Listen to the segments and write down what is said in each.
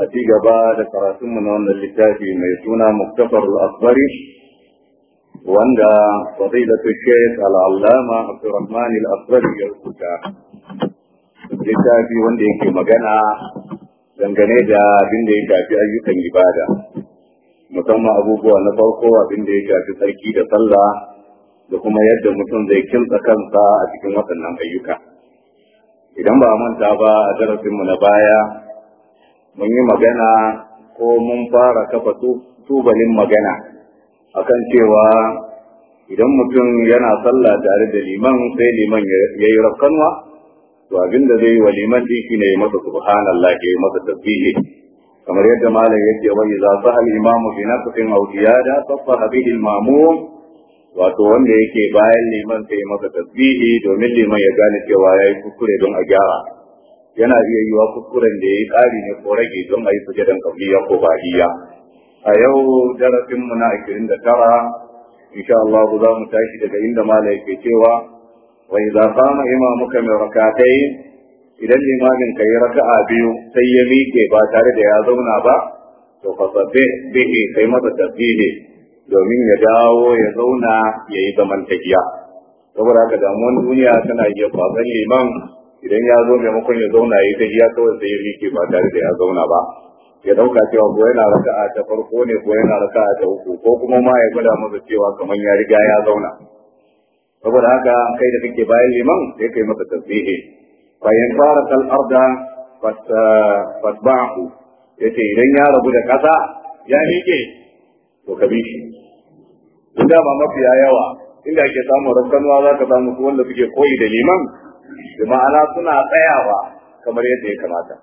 a ci gaba da karatunmu na wannan littafi mai suna Muktasar al-Asbari wanda fadilatu Sheikh al Abdurrahman al-Asbari ya rubuta littafi wanda yake magana dangane da abin da ya shafi ayyukan ibada musamman abubuwa na farko abin da ya shafi sarki da sallah da kuma yadda mutum zai kinsa kansa a cikin waɗannan ayyuka. idan ba manta ba a darasin mu na baya mun yi magana ko mun fara kafa tubalin magana akan cewa idan mutum yana sallah tare da liman sai liman ya yi rafkanwa to abin da zai yi wa liman din shine ya masa subhanallah ya masa tasbihi kamar yadda malam yake wa idza sahal imamu fi naqtin aw ziyada bihi al-ma'mum wato wanda yake bayan liman sai masa tasbihi domin liman ya gane cewa ya yi kuskure don a gyara yana iya yi wa kuskuren da ya yi ƙari ne ko rage don a yi sujadan kabiliya ko bahiya a yau darasinmu na ashirin da tara insha Allah za mu tashi daga inda mala yake cewa za idza ima imamuka mai rakatai idan limamin ka yi raka'a biyu sai ya miƙe ba tare da ya zauna ba to fasabbih bihi kai masa tasbihi domin ya dawo ya zauna ya yi zaman tafiya saboda haka damuwan duniya tana iya kwasan liman idan ya zo maimakon ya zauna ya yi tafiya kawai sai ya rike ba tare da ya zauna ba ya dauka cewa ko yana raka'a ta farko ne ko yana raka'a ta uku ko kuma ma ya gwada masa cewa kamar ya riga ya zauna saboda haka kai da kake bayan liman sai kai masa tasbihi fa in fara al-arda ya yace idan ya rabu da kasa ya miƙe to ka bi shi inda da mafiya yawa inda ake samun rafkanuwa za ka samu su wanda suke koyi da liman da ma'ana suna tsayawa kamar yadda ya kamata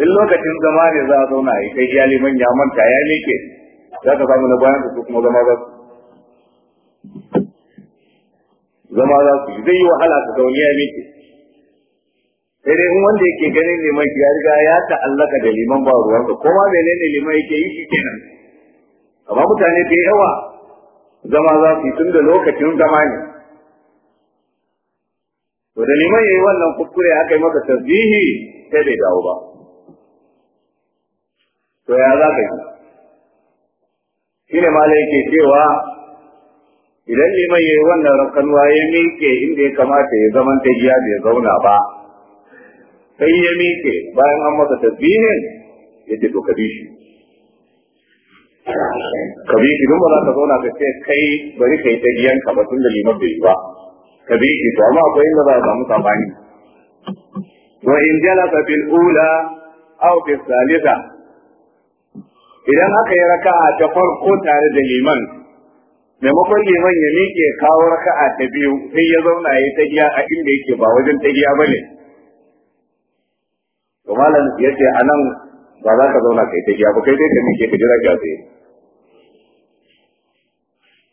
in lokacin zama ne za a zauna a yi kai ya liman ya manta ya leke za ka samu na bayan su kuma zama za su zama za su yi zai yi wahala ka ga ya leke sai dai in wanda yake ganin liman ya riga ya ta'allaka da liman ba ruwansa ko ma menene liman yake yi shi kenan amma mutane da yawa zama za su yi tun da lokacin zama ne to da liman yayi wannan kuskure aka yi maka tasbihi sai bai dawo ba to ya za ka yi shine ma yake cewa idan liman yayi wannan waye ne ke inda ya kamata ya zaman ta giya bai zauna ba sai ya miƙe bayan an masa tasbihin ya ce to ka bi shi ka bi shi don ba za ka zauna ka ce kai bari kai ta giyanka ba tun da liman bai yi ba ka bi shi to amma akwai inda za a samu sabani wa in jalasa bil ula aw bi salisa idan aka yi raka'a ta farko tare da liman maimakon liman ya miƙe kawo raka'a ta biyu sai ya zauna ya ta giya a inda yake ba wajen ta giya bane to malam ya anan a nan ba za ka zauna kai ta giya ba kai dai ka ke ka jira ga sai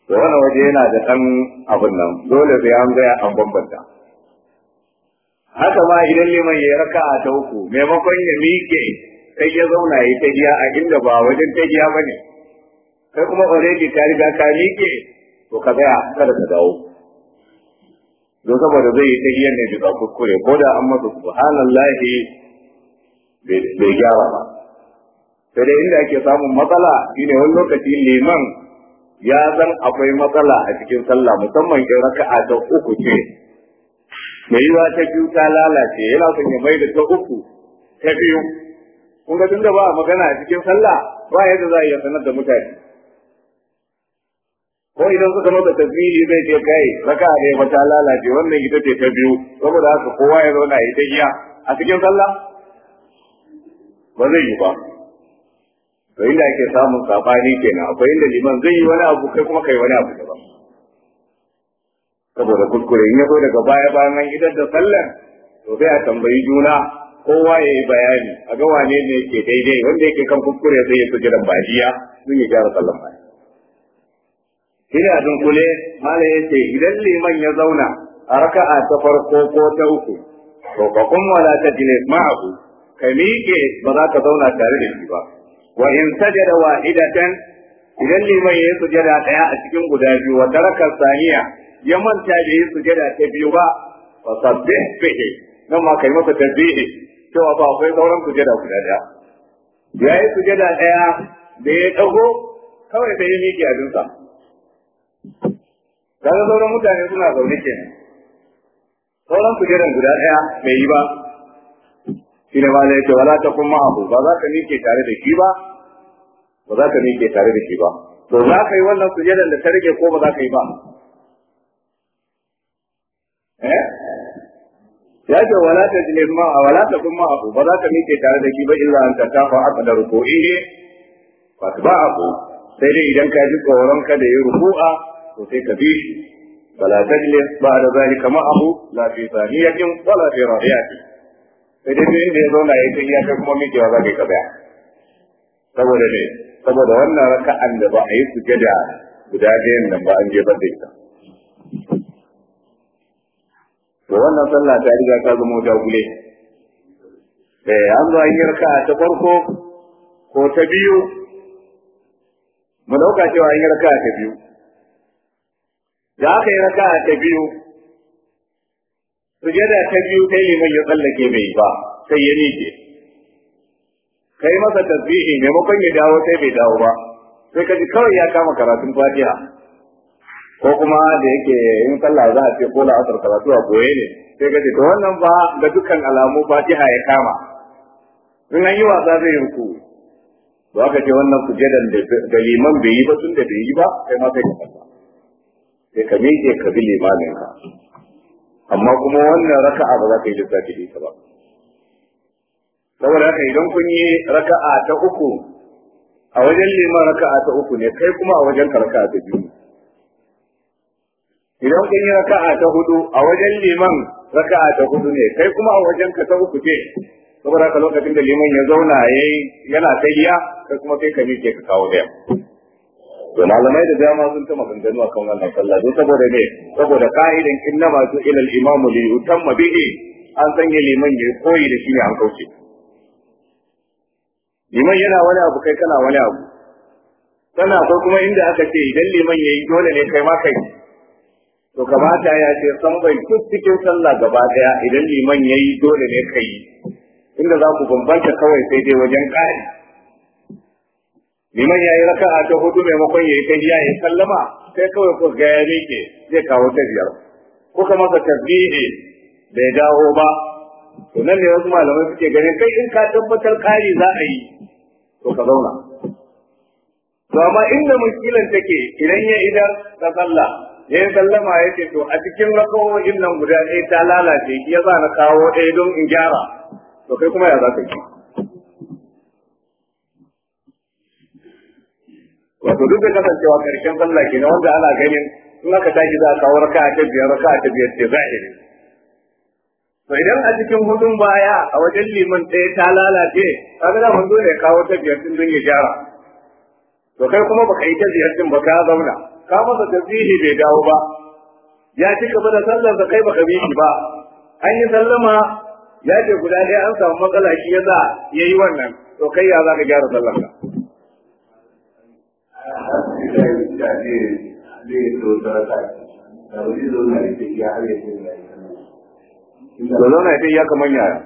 to Wani waje yana da ɗan abin nan dole sai an gaya an bambanta haka ma idan ne mai raka a ta uku maimakon ya miƙe kai ya zauna ya ta giya a inda ba wajen ta giya ba ne kai kuma already ka riga ka miƙe to ka ga kada ka dawo don saboda zai yi ta giyan ne bisa kuskure ko da an masa subhanallahi bai gyara ba sai dai inda ake samun matsala shine wani lokaci liman ya zan akwai matsala a cikin sallah musamman in raka'a ta uku ce mai yiwa ta biyu ta lalace yana son ya mai da ta uku ta biyu kun ga tunda ba magana a cikin sallah ba yadda za a iya sanar da mutane ko idan suka nuna tasbihi zai ce kai raka'a ne ba ta lalace wannan ita ce ta biyu saboda haka kowa ya zauna ya ta giya a cikin sallah ba zai yi ba to inda ake samun sabani kenan akwai inda liman zai yi wani abu kai kuma kai wani abu ba. saboda kuskure in ya daga baya bayan idan da sallar to sai a tambayi juna kowa ya yi bayani a ga wane ne yake daidai wanda yake kan kuskure zai ya fi bajiya sun yi gyara sallar baya ina dunkule mala ya idan liman ya zauna a raka'a ta farko ko ta uku to ka kun wala ta jine ma'ahu ka miƙe ba za ka zauna tare da shi ba wa in sajada wahidatan idan liman yayi sujada daya a cikin guda biyu wa taraka saniya ya manta da yi sujada ta biyu ba fa sabbih bihi nan ma kai masa tasbihi cewa ba akwai sauran sujada guda daya yayi sujada daya da ya dago kawai sai ya miƙe abinsa kaga sauran mutane suna zaune kenan sauran kujeran guda daya bai yi ba shi ne malai ce wala ta kuma abu ba za ka miƙe tare da shi ba ba za ka miƙe tare da shi ba to za ka yi wannan sujadar da ta rage ko ba za ka yi ba eh ya ce wala ta jilin ma a wala ta kuma abu ba za ka miƙe tare da shi ba illa an fa aka da ruku'i ba ba abu sai dai idan ka ji tsoron ka da yi ruku'a to sai ka bi shi فلا تجلس بعد ذلك معه لا في ثانية ولا في راحلة sai dai duk inda ya zauna ya yi ya kai kuma miƙewa za ka yi kaza saboda ne saboda wannan raka'an da ba a yi sujada guda ɗayan nan ba an je ba da ita to wannan sallah ta riga ta zama dagule eh an zo an yi raka'a ta farko ko ta biyu mu dauka cewa an yi raka'a ta biyu da aka yi raka'a ta biyu sujada ta biyu kai liman ya tsallake bai ba sai ya miƙe kai masa tasbihi maimakon ya dawo sai bai dawo ba sai ka ji kawai ya kama karatun fatiha ko kuma da yake in sallah za a ce ko asar karatu a goye ne sai ka ji to wannan ba ga dukkan alamu fatiha ya kama in an yi wasa zai yi ruku to aka ce wannan sujadan da liman bai yi ba tun da bai yi ba kai ma kai ka sai ka miƙe ka bi limaninka amma kuma wannan raka'a ba za ka yi lissafi da ita ba saboda haka idan kun yi raka'a ta uku a wajen liman raka'a ta uku ne kai kuma a wajen raka'a ta biyu idan kun yi raka'a ta hudu a wajen liman raka'a ta hudu ne kai kuma a wajen ka ta uku ce saboda haka lokacin da liman ya zauna yayi yana tayya kai kuma kai ka ke ka kawo daya to malamai da dama sun ta maganganu akan wannan sallah don saboda ne saboda ka'idan innama su ila al-imam li yutamma bihi an sanya liman ya koyi da shi ne an kauce liman yana wani abu kai kana wani abu sannan akwai kuma inda aka ce idan liman ya yi dole ne kai ma kai to ta ya ce san bai duk cikin sallah gaba daya idan liman ya yi dole ne kai inda za ku bambanta kawai sai dai wajen ka'idan liman ya yi raka'a ta hudu maimakon ya yi tahiya ya sallama sai kawai ko ga ya miƙe zai kawo ta biyar kuka ka tasbihi bai dawo ba to nan ne wasu malamai suke ganin kai in ka tabbatar kari za a yi to ka zauna to amma inda muskilan take idan ya idan ta tsalla, ya yi sallama ya ce to a cikin rakawoyin nan guda ɗaya ta lalace ya sa na kawo ɗaya don in gyara to kai kuma ya za ka yi wato duk da kasancewa karshen sallah ke wanda ana ganin in aka tashi za a kawo raka ta biyar raka ta biyar ce zahiri to idan a cikin hudun baya a wajen liman ɗaya ta lalace kaga da manzo ne kawo ta biyar don ya gyara to kai kuma baka yi ta biyar din ba ka zauna ka masa tasbihi bai dawo ba ya ci gaba da sallar da kai baka bi shi ba an yi sallama ya ce guda ɗaya an samu matsala shi ya yi wannan to kai ya za ka gyara sallar ka da zai zai so sarata da wani zauna da ta ya har ya ce da zauna ya ya kamar yara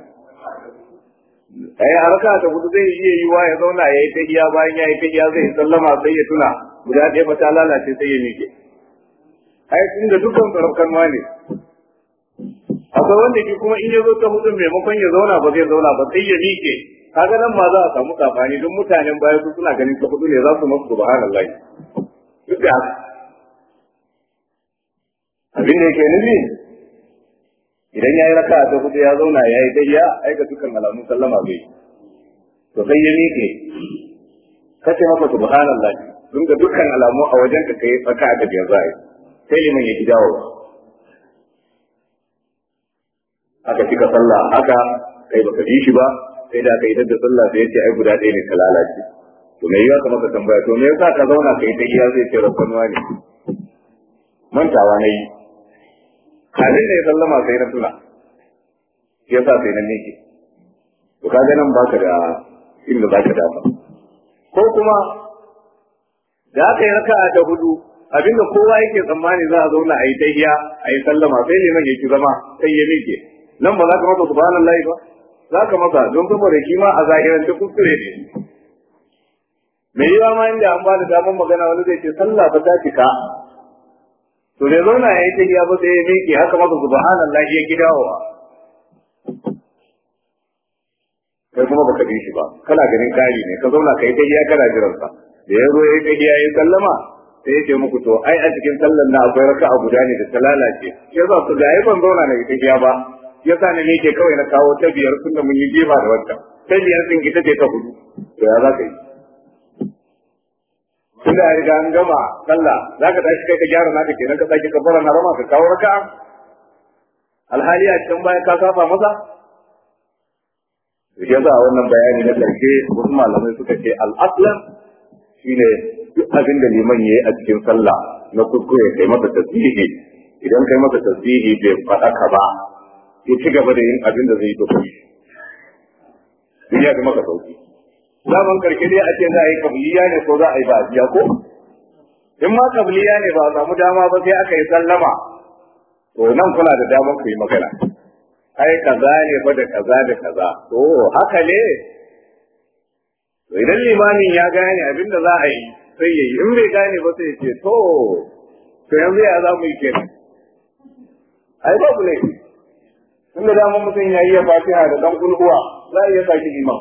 ai harka ta hudu zai iya yi wa ya zauna ya yi ta iya bayan ya yi ta iya zai sallama sai ya tuna guda ɗaya ba ta lalace sai ya miƙe ai tun da dukkan saraukan ma ne akwai wanda ke kuma in ya zo ta hudu maimakon ya zauna ba zai zauna ba sai ya miƙe kaga nan ma za a samu kafani don mutanen baya su suna ganin ta hudu ne za su masu subhanallahi duk da haka abin da yake nufi idan ya yi raka ta hudu ya zauna ya yi dayya aika dukkan alamun sallama bai to sai ya miƙe kace maka subhanallah tun ga dukkan alamu a wajen ka kai tsaka da biyar zai sai liman ya ki dawo aka cika sallah haka kai baka ji shi ba sai da aka yi da sallah sai ya ce ai guda ɗaya ne ka lalace to me yasa maka ka tambaya to me yasa ka zauna kai ta iya zai ce rabbanuwa ne mantawa na yi halin da sallama sai na tuna ya sa sai na miki. to ka ga nan baka da inda za ka dafa ko kuma da aka yi raka'a da hudu abinda kowa yake tsammani za a zauna a yi tahiya a yi sallama sai ne ya yake zama sai ya miƙe nan ba za ka masa subhanallahi ba za ka masa don saboda kima a zahirance kuskure ne me yiwa ma inda an ba da damar magana wani zai ce sallah ba ta cika to da zauna ya yi tafiya ba sai ya miƙe haka maka subhanallah lafiya gida wa? kai kuma baka bi shi ba kana ganin kari ne ka zauna ka yi kai tafiya kana jiran sa da ya zo ya yi tafiya ya yi sallama sai ya ce muku to ai a cikin sallan na akwai a guda ne da ta lalace ya za su gaya ban zauna na tafiya ba ya sa ne ke kawai na kawo ta biyar tunda mun yi jefa da wancan ta biyar sun gita ce ta hudu to ya za ka yi tunda ya riga an gama sallah ka tashi kai ka gyara naka kenan ka sake kabbara na rama ka kawo raka'a alhali a cikin bayan ka saba masa ya za wannan bayani na ƙarshe wasu malamai suka ce al'aslan shine duk abin da liman ya yi a cikin sallah na kuskure kai masa tasbihi idan kai masa tasbihi bai faɗaka ba ya ci gaba da yin abin da zai yi to ya fi maka sauki zaman karshe dai a ce za a yi kabiliya ne ko za a yi ba'diya ko in ma kabiliya ne ba a samu dama ba sai aka yi sallama to nan kuna da damar ku yi magana ai kaza ne ba da kaza da kaza to haka ne idan limamin ya gane abin da za a yi sai ya yi in bai gane ba sai ya ce to to yanzu ya za mu yi kenan ai ku ne tunda damar mutum ya yi ya fatiha da dan kulhuwa za a iya saki iman.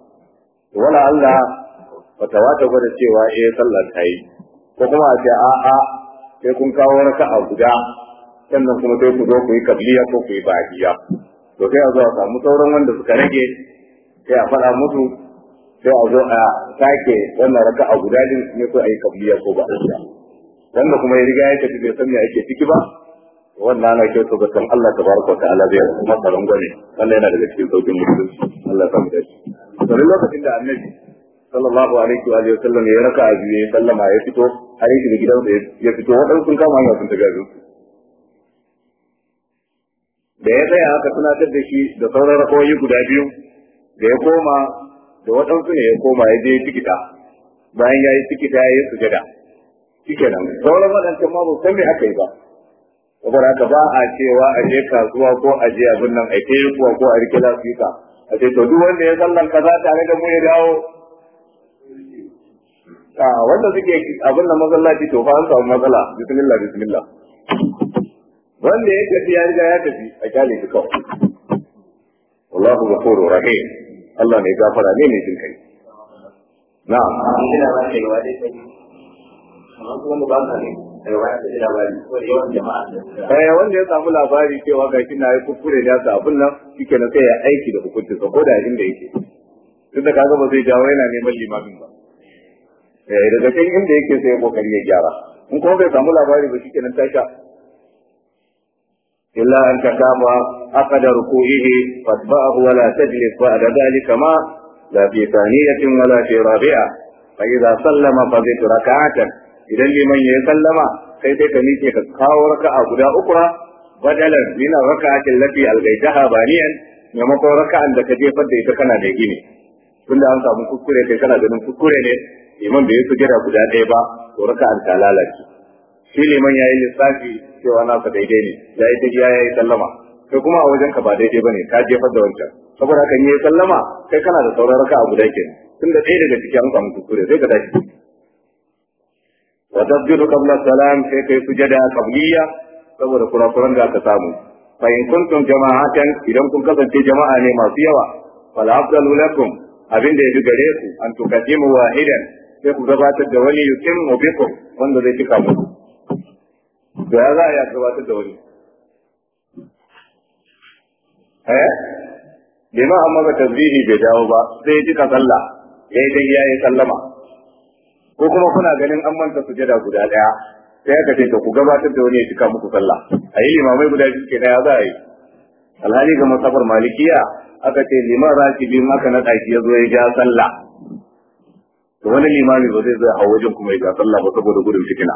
wala Allah ba ta gwada cewa eh sallar ta yi ko kuma a ce a'a sai kun kawo wani ka'a guda sannan kuma sai ku zo ku yi kabliya ko ku yi bahiya to sai a zo a samu sauran wanda suka rage sai a faɗa musu sai a zo a sake wannan raka'a guda din ne ko a yi kabliya ko ba wanda kuma ya riga ya tafi bai san me ake ciki ba wannan ana kyautu ga san Allah tabaraka wa ta'ala zai masa rangwame wannan yana daga cikin saukin musulunci Allah ya samu dace domin lokacin da annabi sallallahu alaihi wa alihi ya raka a biyu sallama ya fito har yake da gidansa ya fito waɗansu sun kama hanya sun tafi abin da ya tsaya haka tunatar da shi da sauran rakoyi guda biyu da ya koma da waɗansu ne ya koma ya je tikita bayan ya yi tikita ya yi sujada shike nan sauran waɗancan ma ba san me aka yi ba saboda haka ba a cewa a je kasuwa ko a je abin nan a yi kuwa ko a rike lafiya a ce to duk wanda ya sallan kaza tare da mu ya dawo a wanda suke abin da masallaci to fa an samu matsala bismillah bismillah wanda ya tafi ya riga ya tafi a kyale shi kawai wallahu ghafurur rahim Allah ne gafara ne ne jin kai na'am ina ba kai wa dai kai amma kuma ba ka ne Eh, eh wanda ya samu labari cewa ga shi na yi kuskure ya sa abin nan shike na sai ya aiki da hukuncin sa ko da inda yake duk da kaga ba zai jawo yana neman limamin ba eh daga kan inda yake sai kokari ya gyara in kuma bai samu labari ba ke nan tasha illa an ruku aqada ruku'ihi fatba'ahu wala la tajlis da dhalika ma la fi thaniyatin wa wala fi rabi'a fa idza sallama fa bi rak'atan idan liman ya yi sallama sai dai ka miƙe ka kawo raka'a guda ukura badalan raka raka'atin lati algaitaha baniyan maimakon raka'an da ka jefar da ita kana da gini tunda an samu kuskure kai kana ganin kuskure ne liman bai su gida guda ɗaya ba to raka'an ta lalace shi liman yayi lissafi cewa nasa daidai ne yi ta ya yi sallama kai kuma a wajen ka ba daidai bane ka jefar da wancan saboda haka yi sallama kai kana da sauran raka'a guda kenan tunda ɗaya daga cikin an samu kuskure sai ka dace wa tasbiru qabla salam sai kai sujada qabliya saboda kurakuran da aka samu fa in kuntum jama'atan idan kun kasance jama'a ne masu yawa fal afdalu lakum abin da yafi gare ku an tukadimu wahidan sai ku gabatar da wani yutimmu bikum wanda zai cika muku to za a ya gabatar da wani eh bai ma amma ba tasbihi bai dawo ba sai ya cika sallah sai ya yi sallama ko kuma kuna ganin an manta sujada guda daya sai aka ce to ku gabatar da wani ya cika muku sallah a yi limamai guda biyu ke daya za a yi alhali ga masafar malikiya aka ce liman raki bi maka na daki ya zo ya ja sallah to wani limami ba zai zo a wajen kuma ya ja sallah ba saboda gudun fitina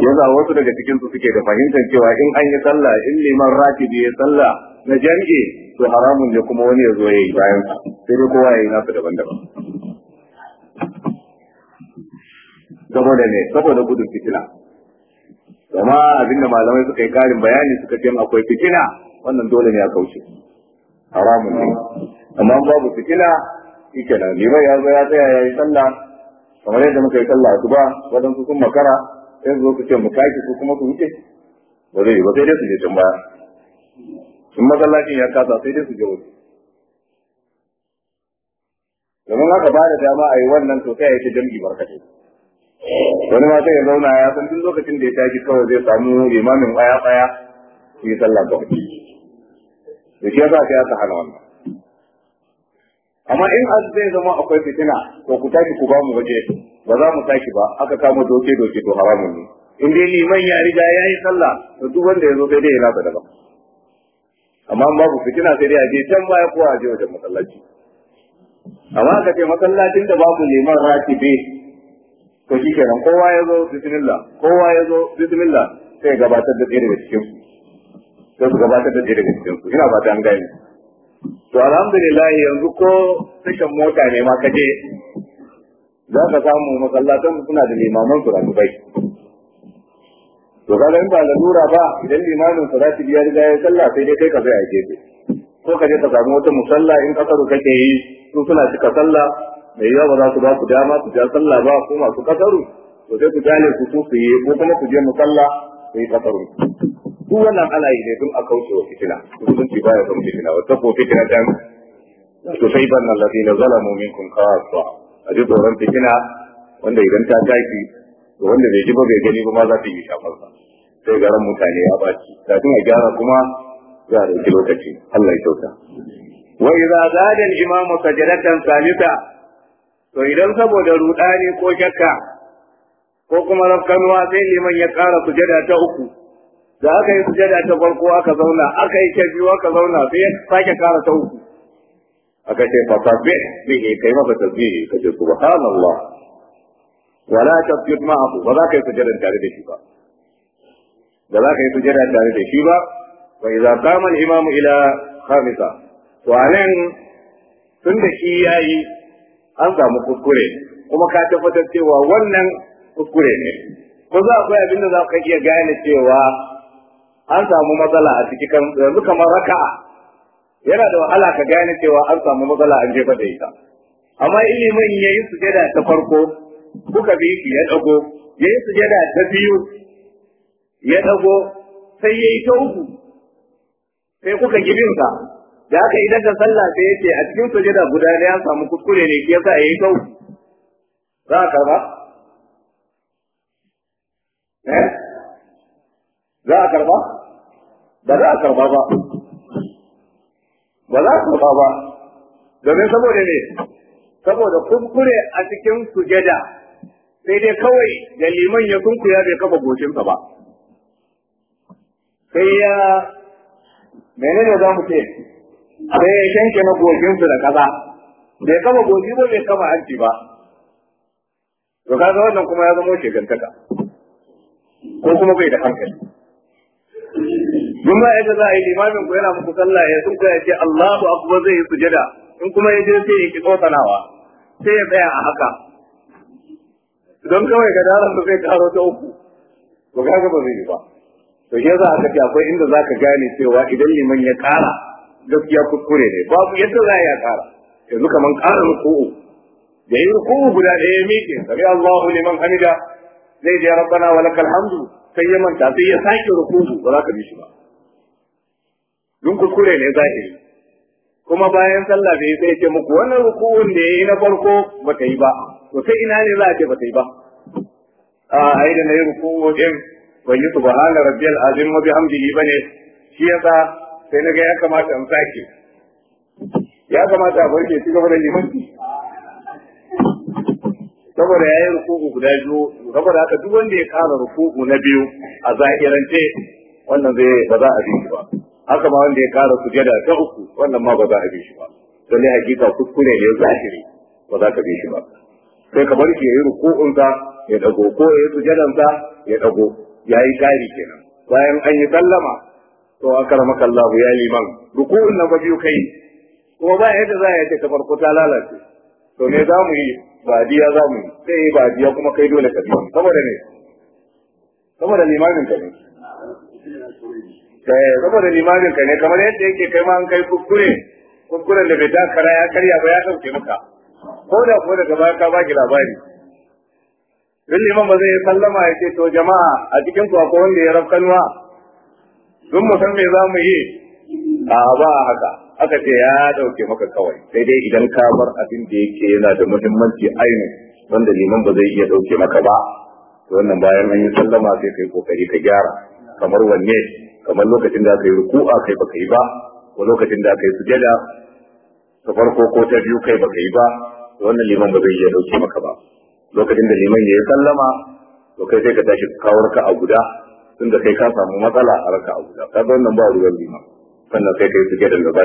yanzu wasu daga cikin su suke da fahimtar cewa in an yi sallah in liman raki ya sallah na jami'i to haramun ne kuma wani ya zo ya yi bayan sai dai kowa ya yi nasu daban-daban saboda ne saboda gudun fitina kuma abinda malamai suka yi karin bayani suka ce akwai fitina wannan dole ne a kauce haramun ne amma babu fitina ike nan limai ya zo ya tsaya ya yi sallah kamar yadda muka yi sallah su ba su sun makara sai zo su ce mu tashi ko kuma su wuce ba zai yi ba sai dai su je can baya in masallacin ya kasa sai dai su je wuce domin haka ba da dama a yi wannan to sai ya ce jam'i barkatai wani ma sai ya zauna ya san tun lokacin da ya tashi kawai zai samu limamin baya baya yi sallah ba da shi yasa sai aka hana wannan amma in az zai zama akwai fitina to ku tashi ku ba mu waje ba za mu tashi ba aka kama doke doke to haramun ne in dai liman ya riga ya yi sallah to duk wanda ya zo sai dai ya lafa daban amma babu fitina sai dai a je can baya ko a je wajen masallaci amma aka ce masallacin da babu liman ratibe to shi kenan kowa ya zo bismillah kowa ya zo bismillah sai gabatar da ɗaya daga cikin su sai su gabatar da ɗaya da cikin su ina fata an gane to alhamdulillah yanzu ko tashan mota ne ma kaje za ka samu masallatan suna da limaman su ranubai to ga in ba da dura ba idan limamin su zati biyar da ya sallah sai dai kai ka zai a gefe ko ka je ka samu wata musalla in kasaru kake yi su suna cika sallah mai yawa ba za su ba ku dama ku ja sallah ba ko masu kasaru to sai ku gane ku ku yi ko kuma ku je musalla ku yi kasaru duk wannan ana yi ne don a kauce wa fitina musulunci baya son fitina wa tabo fitina dan tusaiban alladhina zalamu minkum khassa a ji tsoron fitina wanda idan ta tashi to wanda bai ji ba bai gani ba ma za ta yi shafar sa sai garan mutane ya baci kafin a gyara kuma za a ɗauki lokaci Allah ya kyauta wa idza zada al-imamu sajdatan salisa to idan saboda rudani ko shakka ko kuma wa, sai liman ya ƙara sujada ta uku da aka yi sujada ta farko aka zauna aka yi ta biyu aka zauna sai ya sake ƙara ta uku aka ce fa bi bi kai ta bi ka ce subhanallah wala tasjud ma'ahu ba za ka yi sujada tare da shi ba da za ka yi sujada tare da shi ba wa idza qama al imam ila khamisa to anan tun da shi yayi an samu kuskure kuma ka tabbatar cewa wannan kuskure ne ko za akwai abin da za ka iya gane cewa an samu matsala a ciki yanzu kamar raka'a yana da wahala ka gane cewa an samu matsala an jefa da ita amma ilimin ya yi sujada ta farko kuka bi shi ya dago ya yi sujada ta biyu ya dago sai ya yi ta uku sai kuka gibinsa da aka idan ka sallah sai yake a cikin sujada guda ne ya samu kuskure ne ke yasa yayi kau za a karba eh za ka ba ba za ka ba ba za a ba ba domin saboda ne saboda kuskure a cikin sujada sai dai kawai da liman ya kunkuya bai kafa goshinsa ba sai ya menene za mu ce sai ya shanke makokinsu da kaza bai kama goshi ba bai kama hanci ba to kaga wannan kuma ya zama shegantaka ko kuma bai da hankali Juma yadda za a yi limamin ku yana muku sallah ya sun ya ce Allahu akbar zai yi sujada in kuma ya je sai ya ki tsotanawa sai ya tsaya a haka don kawai ga daren da zai karo ta uku ba kaga ba zai yi ba to shi yasa aka ce akwai inda zaka gane cewa idan liman ya kara gaskiya kuskure ne babu yadda za a ya kara yanzu kaman ƙara ruku'u da yi ruku'u guda ɗaya ya miƙe sami Allahu liman hamida zai je rabbana wa lakal hamdu sai ya manta sai ya sake ruku'u ba za ka bi shi ba dun kuskure ne yi. kuma bayan sallah da ya sai ce muku wannan ruku'un da ya na farko ba ta yi ba to sai ina ne za a ce ba ta yi ba a ai da na yi ruku'u din ban yi subhana rabbiyal azim wa bihamdihi bane shi yasa sai na ga ya kamata in sake ya kamata a barke ci gaba da limanci saboda ya yi rukuku guda biyu saboda haka duk wanda ya kara rukuku na biyu a zahirance wannan zai ba za a bi shi ba haka ma wanda ya kara sujada ta uku wannan ma ba za a bi shi ba lalle hakika kuskure ne zahiri ba za ka bi shi ba sai ka bar ya yi ruku'unsa ya dago ko ya yi sujadansa ya dago ya yi kari kenan bayan an yi sallama to akramaka Allah ya liman ruku'un na ba biyu kai kuma ba yadda za a yi ta farko ta lalace to ne za mu yi diya za mu yi sai diya kuma kai dole ka biyu saboda ne saboda limanin ka ne eh, saboda limanin ka ne kamar yadda yake kai ma an kai kuskure kuskuren da bai kara ya karya ba ya ɗauke maka ko da ko daga gaba ka baki labari Bin liman ba zai sallama ya ce to jama'a a cikin ku akwai wanda ya rafkanuwa don mu san me za mu yi a ba haka aka ce ya dauke maka kawai sai dai idan ka bar abin da yake yana da muhimmanci ainihin wanda liman ba zai iya dauke maka ba To wannan bayan an yi sallama sai kai kokari ka gyara kamar wanne kamar lokacin da aka yi ruku'a kai baka yi ba ko lokacin da aka yi sujada ta farko ko ta biyu kai baka yi ba To wannan liman ba zai iya dauke maka ba lokacin da liman ya yi sallama to kai sai ka tashi kawar ka a guda tunda kai ka samu matsala a raka abu da ka wannan ba ruwan lima sannan sai kai suke da gaba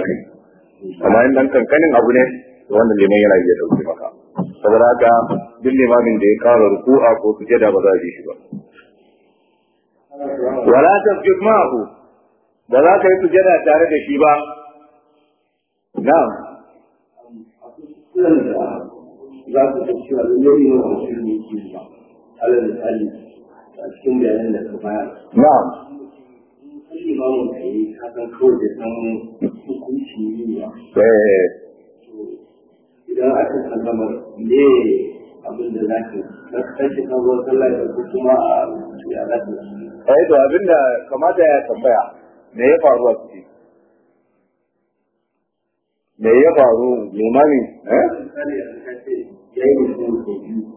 amma in dan kankanin abu ne wannan liman yana iya dauke maka saboda haka duk limamin da ya kara ruku'a ko sujada ba za a ji shi ba wala tasjud ma'ahu ba za ka yi sujada tare da shi ba na'am za su tafi a lulluwa ne ba alal alif a cikin bayanan da ka bayar. Na'am. Limamin ka yi kawai da san hukunci ne ya. Eh. Idan aka sallama ne abin da za ka kasance kan ruwan sallah da kuma a Eh to abin da kamata ya tambaya me ya faru a ciki? Me ya faru limamin? Eh? Ya yi mutum da biyu.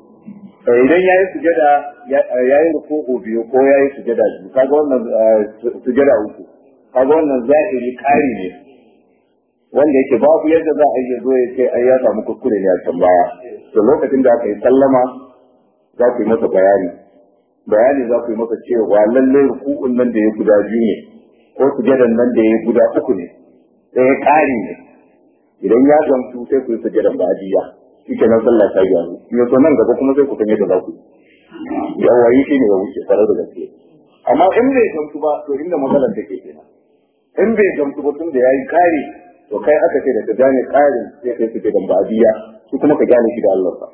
Eh, idan ya yi sujada ya eh, yi ruku'u biyu ko ya yi sujada biyu kaga wannan eh, sujada uku kaga wannan zahiri kari ne wanda yake babu yadda za a yi zo ya ce ai ya samu kuskure ne a can baya to lokacin da aka yi sallama za ku yi masa bayani bayani za ku yi masa cewa lallai ruku'un nan da ya guda biyu ne ko sujadan nan da ya guda uku ne ɗaya kari ne idan ya gamsu sai ku yi sujadan ba'adiyya shi nan sallah ta gyaru ya so nan gaba kuma zai ku tanye da za ku yawa shi ne ya wuce tare da gaske amma in bai gamsu ba to inda matsalar take kenan in bai gamsu ba tun da yayi kare to kai aka ce da ka gane karin sai kai su da ba'adiyya su kuma ka gane shi da Allah ba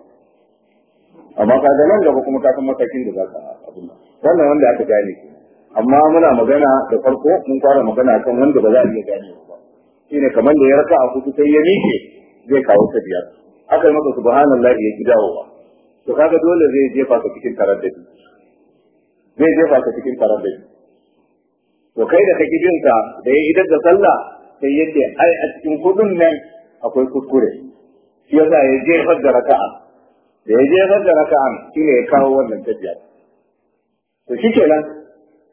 amma ka ga nan gaba kuma ka san matakin da za ka abin nan wannan wanda aka gane shi amma muna magana da farko mun fara magana kan wanda ba za a iya gane ba shine kamar da ya raka a kudu sai ya miƙe zai kawo ta biyar aka yi maka subhanallahi ya ki dawowa to kaga dole zai jefa ka cikin taraddadi zai jefa ka cikin taraddadi to kai da kake jin ka da yayi idan da sallah sai yace ai a cikin hudun nan akwai kuskure shi yasa ya jefar da raka'a da ya jefar da raka'a shine ya kawo wannan tafiya to kenan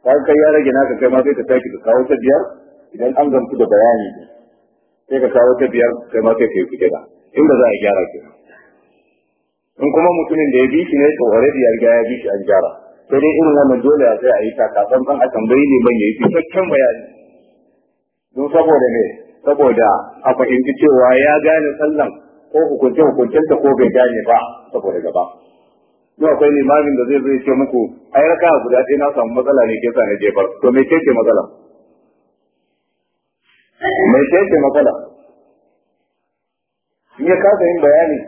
ka kai ya rage naka kai ma sai ka sake ka kawo ta biyar idan an gamsu da bayani sai ka kawo ta biyar kai ma sai ka yi kujera inda za a gyara ke in kuma mutumin da ya bi shi ne to already ya riga ya bi shi an gyara sai dai irin wannan dole a sai a yi takasan ban a tambayi ne ban ya yi cikakken bayani don saboda ne saboda a fahimci cewa ya gane sallan ko hukunce ta ko bai gane ba saboda gaba don akwai limamin da zai zai ce muku ai raka guda ɗaya na samu matsala ne ke sa na jefar to me ce matsala me ce matsala in ya kasa yin bayani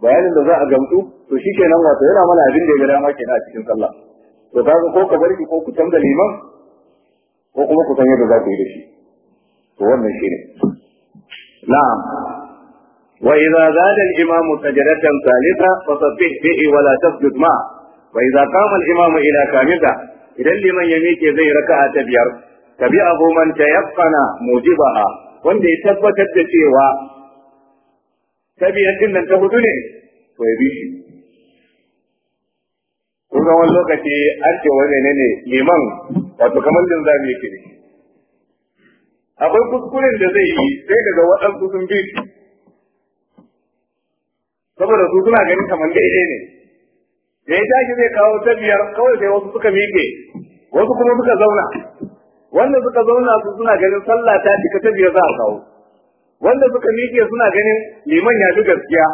bayanin da za a gamtu to shi kenan wato yana mana abin da ya gada dama kenan a cikin sallah to kaga ko ka bar ko ku canza liman ko kuma ku san yadda za ku yi da shi to wannan shi ne na'am wa idza zada al imamu sajdatan thalitha sabbih bihi wa la tasjud ma wa idza qama al imamu ila kamida idan liman ya miƙe zai raka'a ta biyar tabi man tayaqqana mujibaha wanda ya tabbatar da cewa tabiyan din nan ta hudu ne to ya bishi shi ga wani lokaci an ce wani ne ne liman wato kamar jin zamu yake ne akwai kuskuren da zai yi sai daga waɗansu sun bi saboda su suna ganin kamar daidai ne da ya tashi zai kawo ta biyar kawai sai wasu suka miƙe wasu kuma suka zauna Wannan suka zauna su suna ganin sallah ta cika ta biyar za a kawo wanda suka miƙe suna ganin liman ya fi gaskiya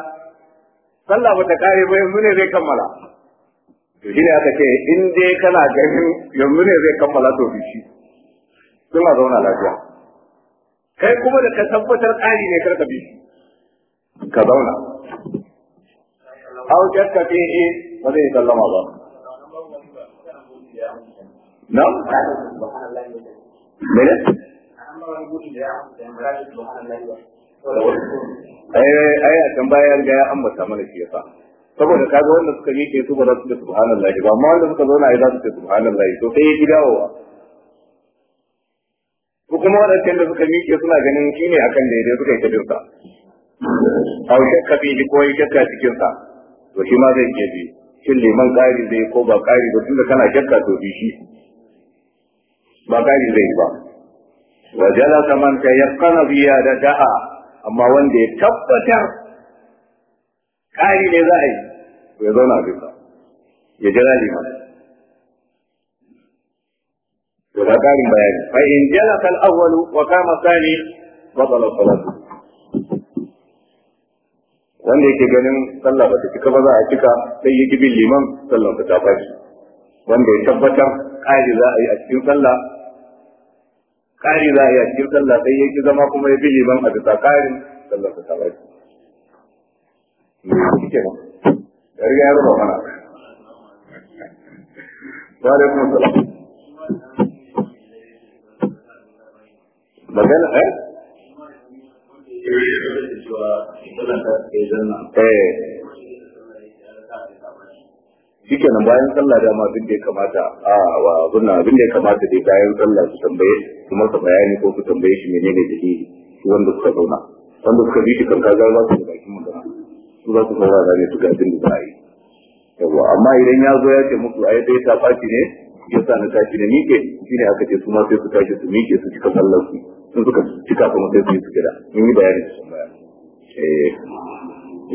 sallah ba ta kare ba yanzu ne zai kammala to shi ne aka ce in dai kana ganin yanzu ne zai kammala to fi shi suna zauna lafiya kai kuma da ka tabbatar tsari ne karka bi ka zauna au ka fi e ba zai sallama ba na? Mene? ai a can baya ga ya ambata mana shi yasa saboda kaga wanda suka yi ke su ba za su ce subhanallahi ba amma wanda suka zauna ai za su ce subhanallahi to sai ya ji dawowa ko kuma waɗancan da suka miƙe suna ganin shi ne akan daidai suka yi ta binsa a shakka fi ko yi shakka cikin sa to shi ma zai iya bi shin liman ƙari zai ko ba ƙari ba tunda kana shakka to bi shi ba ƙari zai yi ba wa jalasa man tayaqqana da'a, amma wanda ya tabbatar kai ne za a yi ya zauna bisa ya jira ma. to da karin bayani fa in jalasa al awwal wa kama thani batala salatu wanda yake ganin sallah ba ta cika ba za a cika sai yi bin liman sallah ta fashi wanda ya tabbatar kai za a yi a cikin sallah ƙari za a yi a cikin sallah sai ya ki zama kuma ya bige ban a bisa ƙarin sallah ta sallah ce. Me ya mana. Wa alaikum Magana Eh. eh nan bayan sallah da ma abin da ya kamata a wa abin abin da ya kamata dai bayan sallah su tambaye su masa bayani ko su tambaye shi menene dalili shi wanda suka zauna wanda suka bi shi kan za su da bakin magana su za su saurara ne su ga abin da za yi yawa amma idan ya zo ya ce musu ai dai ta faci ne ya sa na tashi ne mike shi ne aka ce su ma sai su tashi su mike su cika sallar su sun suka cika kuma sai su yi su gida mun yi bayani su tambaya eh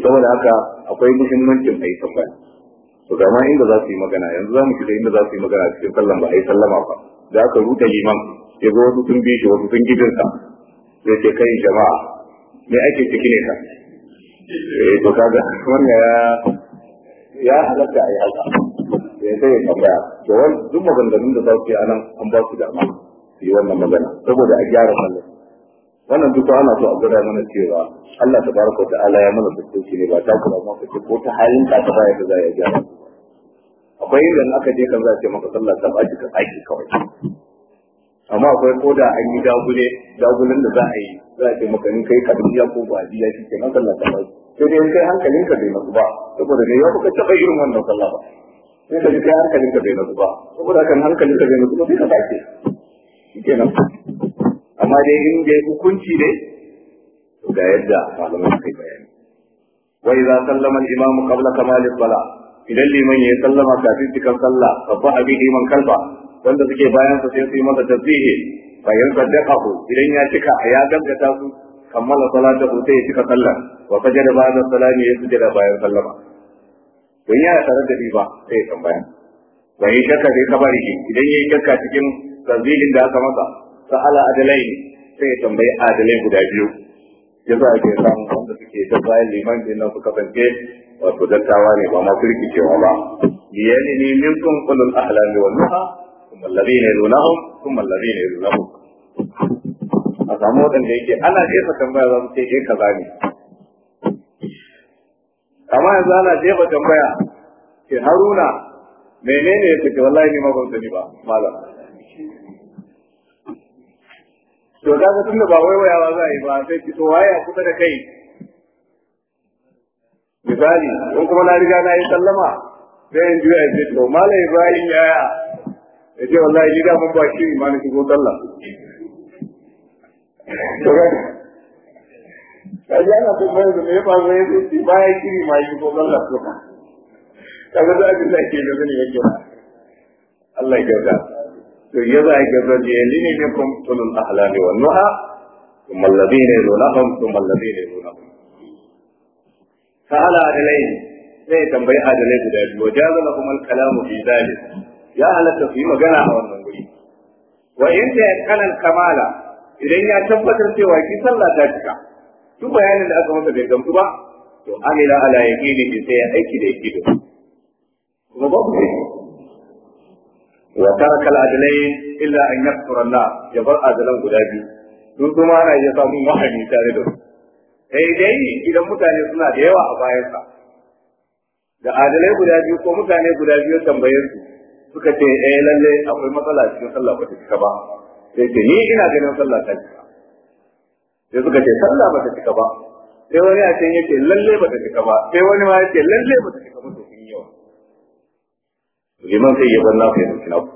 saboda haka akwai muhimmancin a tambaya to da ma inda za su yi magana yanzu za mu shiga inda za su yi magana cikin sallan ba a yi sallama ba da aka ruta liman ya zo wasu sun bi shi wasu sun gidin sa sai ce kai jama'a me ake ciki ne ka eh to kaga wannan ya ya halatta a yi haka ya eh, sai ya tambaya to wani duk maganganun da za su yi a nan an ba su dama su yi wannan magana saboda a gyara sallan wannan duka ana so a gwada mana cewa Allah Ta baraka ta'ala ya mana sassauci ne ba ta kuma ba. ko ta halin ta ta baya da za ya gyara akwai inda aka je kan za a ce maka sallah ta ba ka aiki kawai amma akwai ko da an yi dagule dagulen da za a yi za a ce maka in kai ya ko ba ya shi ke nan sallah ta ba sai dai in kai ka bai nasu ba saboda ne ya kuka taɓa irin wannan sallah ba sai ka ji kai ka bai nasu ba saboda kan ka bai nasu ba sai ka sake shi nan amma dai in dai hukunci ne? ga yadda malamin kai bayani wa idza sallama al-imam qabla kamal as-salah idan liman ya sallama kafin cikin sallah babba abi liman kalba wanda suke bayan sa sai su yi masa tasbihi fa yan saddaqahu idan ya cika ya gaggata su kammala salatahu sai ya cika sallah wa ba da salami ya sujada bayan sallama don ya tare da ba sai ya tambaya wa yi shakka sai kabari shi idan yi shakka cikin tasbihin da aka masa ala adalai sai ya tambayi adalai guda biyu ya za a ke samun wanda suke ta bayan liman din nan suka zanke wato dattawa ne ba masu rikicewa ba liyani ni minkum ulul ahlami wal nuha kuma alladhina yalunahum kuma alladhina yalunahum a samu wadanda yake ana jefa tambaya za su ce eh kaza ne amma yanzu ana jefa tambaya ke haruna menene ya fice wallahi ni ma ban sani ba malam to da ga tunda ba waiwayawa za a yi ba sai ki to waya kusa da kai misali in kuma na riga na yi sallama sai in juya in ce to malam ibrahim yaya ya ce wallahi ni da mun ba shi ma na shigo sallah to ga kaji ana so mai da zai yi ya ba bayan shiri ma yi ko sallah to kaga za a ji sai ke da zani yake Allah ya kyauta da يضعك الرجلين منكم أولو الأحلام والنهى ثم الذين يلونهم ثم الذين Ta فعلى عدلين sai tambayi adalai guda biyu wajen lahum al-kalamu fi dhalik ya halatta su yi magana a wannan guri wa in ya yakana kamala idan ya tabbatar cewa ki sallah ta cika duk bayanin da aka masa bai gamsu ba to amila ala yaqini sai ya aiki da yaqini kuma babu ne wa taraka al-adlayn illa an yakthura Allah ya bar adalan guda biyu duk kuma ana iya samun wahani tare da su sai dai idan mutane suna da yawa a bayansa da adalai guda biyu ko mutane guda biyu tambayar su suka ce eh lalle akwai matsala cikin sallah ba ta cika ba sai ce ni ina ganin sallah ta cika sai suka ce sallah ba ta cika ba sai wani a can yake lalle ba ta cika ba sai wani ma yake lalle ba ta cika ba to sun yawa liman sai ya zanna ya yanki naku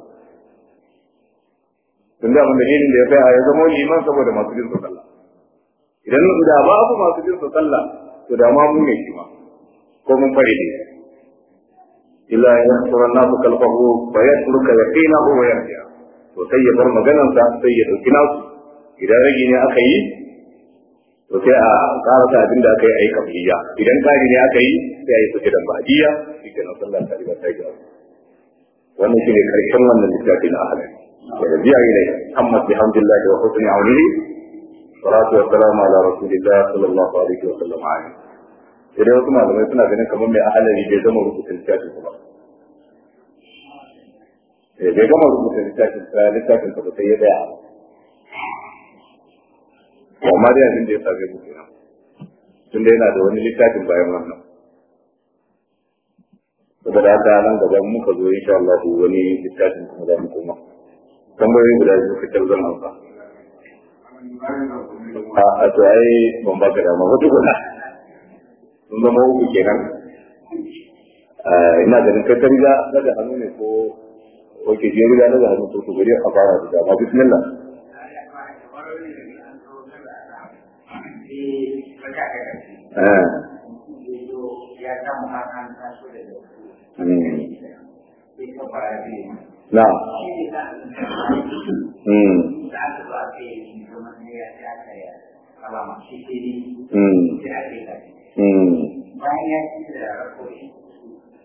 tun da mun dalilin da ya tsaya ya zama liman saboda masu jin sallah idan da ba abu masu jin sallah to da ma mu ne shi ma ko mun fare ne illa ya tsara na su kalfahu fa ya turka ya kina ko ya riya to sai ya bar maganar sa sai ya dauki ku. idan rage ne aka yi to sai a ta abin da aka yi a yi kafiya idan kari ne aka yi sai a yi sujudan ba'diya shi kenan sallah ta riga ta gyaru wannan shi ne karshen wannan littafi na ahadin wa rabi'a ilai amma bihamdillahi wa husni aunihi salatu wa salamu ala rasulillah sallallahu alaihi wa sallam alaihi idan wasu malamai suna ganin kamar mai ahalari bai zama rubuta littafin ba bai gama rubuta littafin sa littafin sa sai ya tsaya amma dai abin da ya same mu kenan tunda yana da wani littafin bayan wannan da ta nan gaba muka zo insha Allah wani littafin kuma za mu koma tambayoyi guda biyu fitar zan amsa a to ai ban baka dama wata kuna mun zama uku kenan ina ganin kai ta riga daga hannu ne ko oke je riga daga hannu to ku a fara da dama bismillah Eh. Ya نعم hmm. hmm. hmm.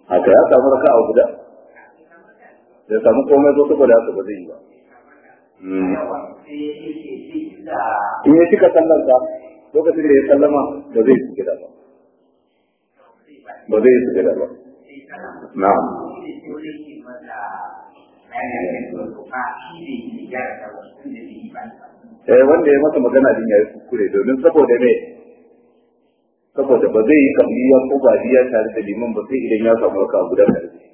ya samu raka a guda da samu komai zo saboda haka ba yi ba in ya cika sallar sa lokacin da ya sallama ba zai yi su gida ba ba zai yi su gida ba na'am eh wanda ya masa magana din yi kuskure domin saboda me saboda ba zai yi kamliya ko ba badiya tare da liman ba sai idan ya samu raka guda tare da shi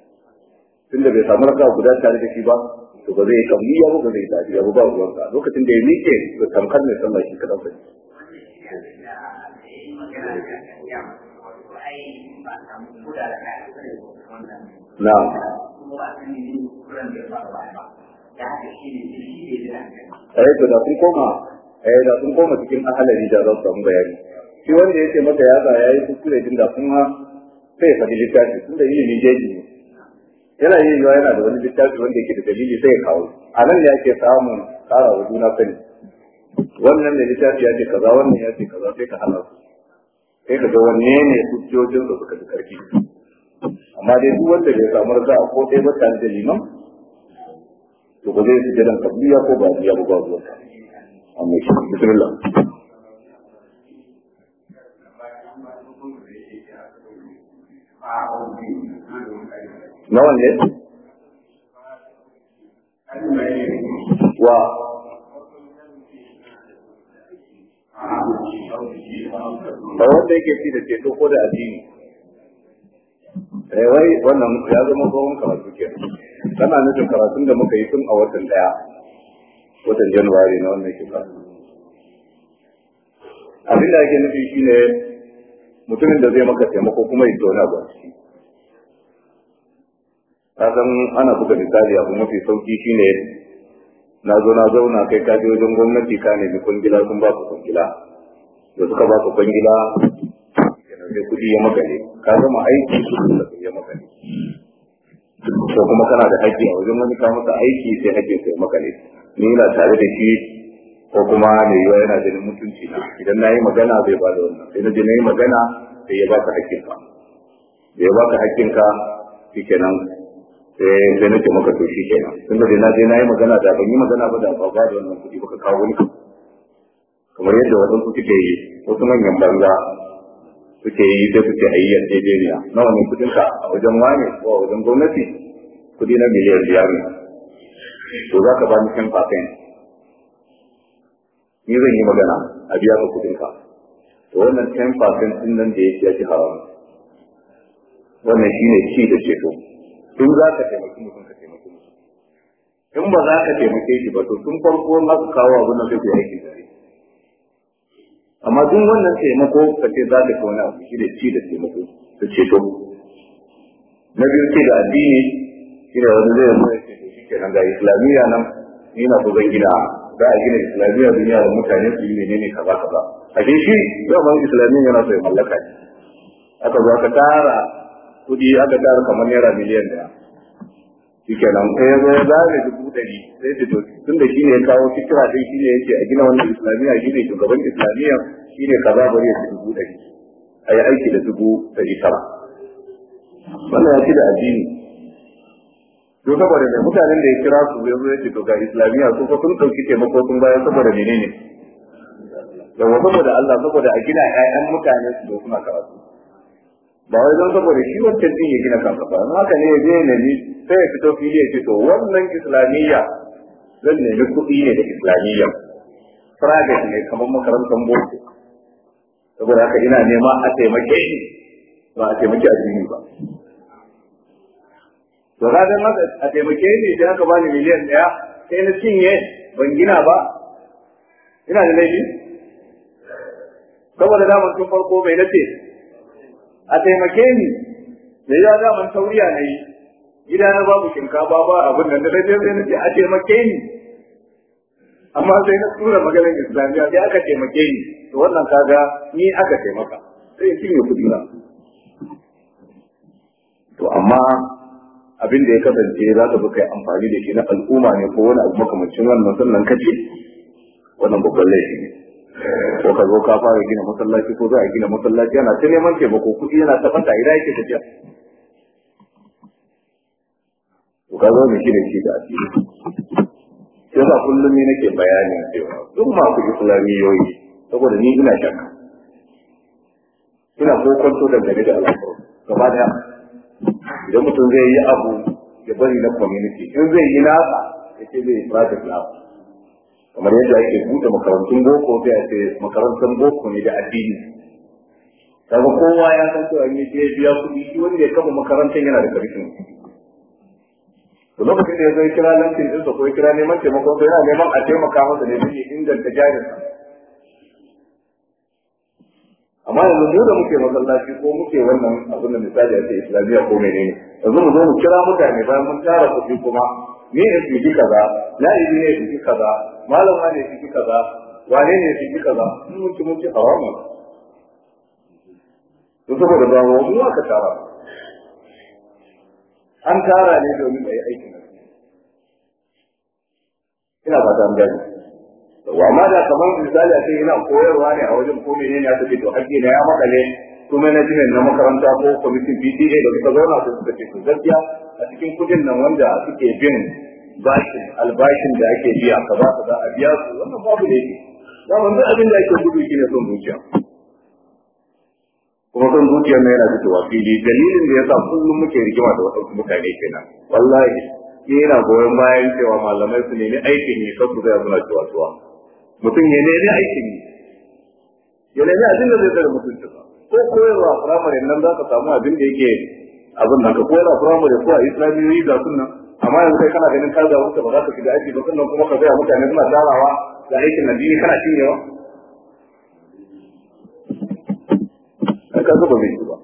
tunda bai samu raka guda tare da shi ba to ba zai yi kamliya ko ba zai badiya ba ba ruwanka lokacin da ya miƙe da tamkar mai sama shi kadan ba na'am eh to da sun koma eh da sun koma cikin ahalari da za su samu bayani shi wanda ya ce maka ya ga yayi kuskure din da kuma sai ya faɗi littafi tun da ilimin jeji ne yana yin yawa yana da wani littafi wanda yake da dalili sai ya kawo a nan ya ke samun tsara wa juna sani wannan ne littafi ya ce kaza wannan ya ce kaza sai ka halarta sai ka ga wanne ne hujjojin da suka fi karfi amma dai duk wanda bai samu rasa ko ɗaya ba tare da liman to ba zai sujada kabliya ko ba ya ba zuwa amma shi bismillah na wanne wa a wanda yake fi da ceto ko da addini eh wai wannan ya zama tsohon karatu ke tana nufin karatun da muka yi tun a watan daya watan januwari na wannan kika abin da ake nufi shine mutumin da zai maka taimako kuma ya zauna ba ciki ta san ana buga misali abu mafi sauki shine na zo na zauna kai kaji wajen gwamnati ka nemi kwangila sun ba ku kwangila da suka ba ku kwangila sai kuɗi ya magane ka zama aiki su ya magane Ko kuma kana da haƙƙi a wajen wani ka masa aiki sai haƙƙin sai magane ni ina tare da shi ko kuma ne yiwa yana da mutunci na idan na yi magana zai ba da wannan sai na je na yi magana sai ya baka haƙƙinka ka ya baka haƙƙinka shi kenan sai sai nake maka to shi kenan tun da na je na yi magana da ban yi magana ba da ba ba da wannan kuɗi baka kawo ni kamar yadda wadansu suke yi wasu manyan banza suke yi sai suke a yi yarjejeniya nawa ne kudin ka a wajen wani ko a wajen gwamnati kudi na miliyar biyar ne to za ka ba ni ten percent ni zan yi magana a biya ka kudin ka to wannan ten percent din nan da ya ci haram wannan shi ne ci da ceto in za ka taimaki mutum ka taimaki mutum in ba za ka taimake shi ba to tun farko za ka kawo abin da zai aiki yi aikin amma duk wannan taimako ka ce za ka ka wani abu shi da ci da taimako ta ce to na biyu ce da addini shi da wani zai zai ce to shi ke nan ga islamiyya nan ni na ku zan gina za a gina islamiyya duniya da mutane su yi menene kaza kaza a shi shi zaman islamiyya yana so ya mallaka ne aka zo aka tara kuɗi aka tara kamar naira miliyan daya shi ke nan ya zo ya zare duk hankali sai da to tun da shine ya kawo fikira dai shine yake a gina wannan islamiyya shine shugaban islamiyya shine kaza bari ya dubu dari a yi aiki da dubu dari tara wannan ya ci da addini to saboda mai mutanen da ya kira su ya zo ya ce to ga islamiyya su fa sun ɗauki taimako sun bayan saboda menene yawa saboda Allah saboda a gina ƴaƴan mutane su da suna karatu ba wai don saboda shi wancan din ya gina kansa ba haka ne ya je ya nemi sai ya fito fili ya fito wannan islamiyya zan nemi kuɗi ne da islamiyya private ne kamar makarantar boko saboda haka ina nema a taimake shi ba a taimake addini ba to ranar haka a taimake ni idan aka bani miliyan ɗaya sai na cinye ban gina ba ina da laifi saboda damar tun farko bai nace a taimake ni da ya daman tauriya na yi gida na babu shinkafa ba abin da da dai sai ce a taimake ni amma sai na tura maganar islamiyya sai aka taimake ni to wannan kaga ni aka taimaka sai shi ne kudi na to amma abin da ya kasance za ka zo kai amfani da shi na al'umma ne ko wani abu makamancin wannan sannan kace wannan babban laifi ne ko ka zo ka fara gina masallaci ko za a gina masallaci yana ta neman taimako kuɗi yana ta fata yake tafiya to ka zama shi da shi da asiri yasa kullum ne nake bayanin cewa duk masu islamiyoyi saboda ni ina shakka ina kokonto dangane da al'amuru gaba daya idan mutum zai yi abu ya bari na community in zai yi nasa ya ce zai yi private nasa kamar yadda ake buɗe makarantun boko sai a ce makarantun boko ne da addini kaga kowa ya san cewa ne ya biya kuɗi shi wanda ya kama makarantar yana da karfin da lokacin da ya zo ya kira lantin ɗinsa ko ya kira neman taimako ko yana neman a taimaka masa ne don ya inganta jarinsa amma yanzu mu da muke masallaci ko muke wannan abin da misali a ce islamiyya ko menene yanzu mu zo mu kira mutane bayan mun tara kuɗi kuma ni ne su ji kaza na ibi ne su ji kaza malama ne su kaza wane ne su ji kaza mun ci mun ci haramun. Duk saboda ba mu aka tara. an tara ne domin a yi aikin ina ba ta gani wa ma da kamar misali a ce ina koyarwa ne a wajen ko ne ya tafi to hajji na ya makale su management na makaranta ko kwamitin PTA da suka zauna su suka ce gaskiya a cikin kudin nan wanda suke bin bashin albashin da ake biya ka ba ka za a biya su wannan babu ne ba wanda abin da ake gudu shi ne son zuciya kuma kan zuciyar na yana fitowa fili dalilin da ya sa kullum muke rigima da wasu mutane kenan wallahi ni yana goyon bayan cewa malamai su nemi aikin yi kan su zai suna cewa cewa mutum ya nemi aikin yi ya nemi abin da zai tsare mutuncin ko koyarwa a firamare nan za ka samu abin da yake abin da ka koyarwa a firamare ko a islamiyoyi sun nan amma yanzu kai kana ganin ka zawo ba za ka shiga aiki ba sannan kuma ka gaya mutane suna tarawa da aikin addini kana cinyewa Ka ba zai yi ba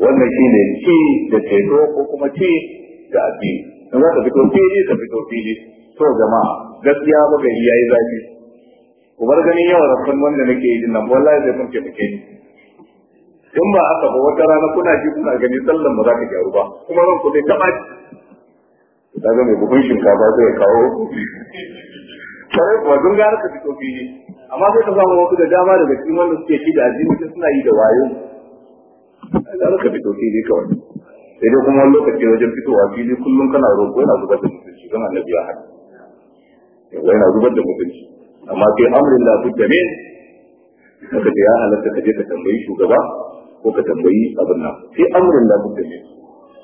wannan shi ne ci da ceto ko kuma ci da addini in za ka fito fili ka fito fili to jama'a gaskiya ba gari yayi zafi ku bar ganin yawan rafin wanda nake yi nan wallahi zai kunce muke ni in ba aka ba wata rana kuna ji kuna gani sallan ba za ka gyaru ba kuma ran ku zai taɓa ta ga mai buhun shinkafa zai kawo kare kuma zun gara ka fito fili amma sai ka samu wasu da dama daga cikin wanda suke ci da addini sai suna yi da wayo za ka fito dai kawai sai dai kuma wani lokaci wajen fitowa fili kullum kana roƙo yana zubar da mutunci don annabi ya haɗu yawa yana zubar da mutunci amma sai amrin la budda min ka ce ya halatta ka je ka tambayi shugaba ko ka tambayi abin nan sai amrin da su jami'in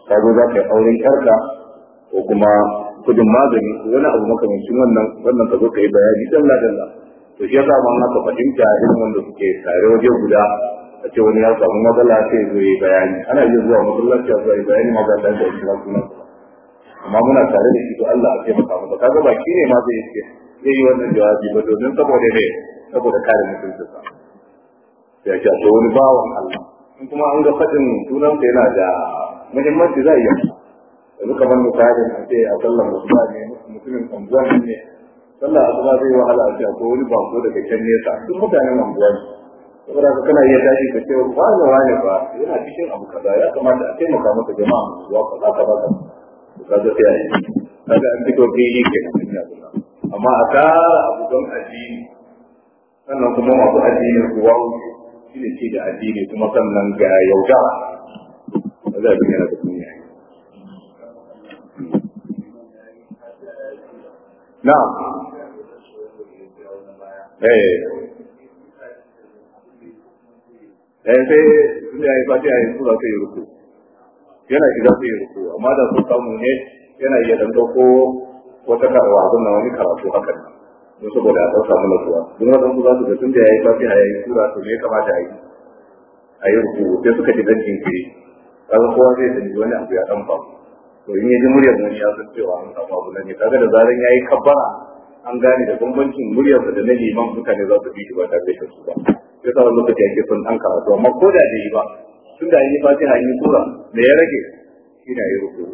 ka zo za ka yi auren yarka ko kuma kudin magani ko wani abu makamancin wannan wannan ka zo ka yi bayani dalla dalla to shi yasa man aka fahimta irin wanda suke tare waje guda a ce wani ya samu matsala sai zo yi bayani ana iya zuwa masallaci a zuwa yi bayani ma ga dan da shi ba kuma amma muna tare da shi to Allah a taimaka masa kaga ba shi ne ma zai yi zai yi wannan jawabi ba domin saboda ne saboda kare mutuncin sa ya ce to wani bawan Allah in kuma an ga fadin sunan ka yana da muhimmanci zai yi yanzu kamar misalin a ce a sallar musulma ne mutumin kanzuwa ne sallah asuba zai wahala a cikin ko wani bako daga can nesa duk mutanen anguwa ne saboda haka kana iya tashi ka ce ba ne ba yana cikin abu kaza ya kamata a taimaka maka jama'a zuwa ba ka. ka kaza sai a yi ga an fito fili kenan sun yi abu amma a tara abu don addini sannan kuma masu addini kuwa shi ne ce da addini kuma sannan ga yauda ba za a bi yana da kuma na'am eh eh sai ya yi fati a yanzu za yi ruku yana shiga sai yi ruku amma da sun samu ne yana iya dan dauko wata karawa abin na wani karatu haka ne don saboda ya dauka mana zuwa don wadansu za su ga tun da ya yi fati a yayin sura to me kamata a yi a yi ruku sai suka ji dan jinkiri kaga kowa zai danji wani abu ya dan faru to in yi ji muryar wani ya san cewa an samu abu nan ne kaga da zaran ya yi kabbara an gane da bambancin muryarsa da na liman mutane za su bi shi ba tare da su ba ya sa wani lokaci ake son an karatu amma ko da da yi ba tun da an yi fatiha hanyi tura sura me ya rage shi na yi rufu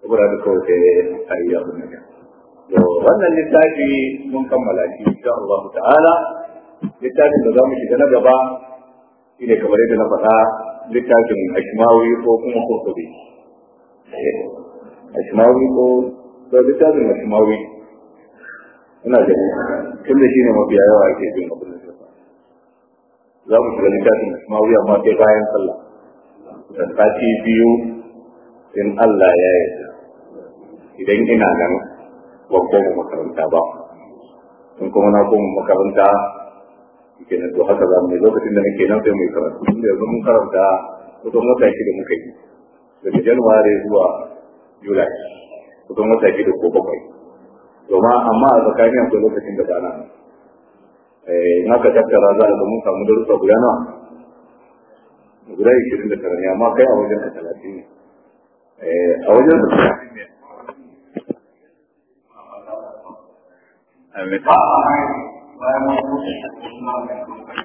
saboda da kawai sai a yi to wannan littafi mun kammala shi insha Allah ta'ala littafin da za mu shiga na gaba shi ne kamar yadda na faɗa littafin ashmawi ko kuma kurkubi eh, ashmawi ko to littafin ashmawi ina da tun da shi ne mafi yawa ake jin abin da shafa za mu shiga littafin wuya ma sai bayan sallah da sati biyu in Allah ya yarda idan ina nan ban mu makaranta ba in kuma na koma makaranta ke ne to haka za mu yi lokacin da nake nan sai mu yi karatu da yanzu mun karanta kusan wata da muka yi daga januwari zuwa julai kusan wata da ko bakwai domin amma a tsakanin akwai lokacin da dana eh na ka tattara za a mun samu darussa guda nawa guda ishirin da tara ne amma kai a wajen a talatin ne eh, a wajen da talatin ne a mai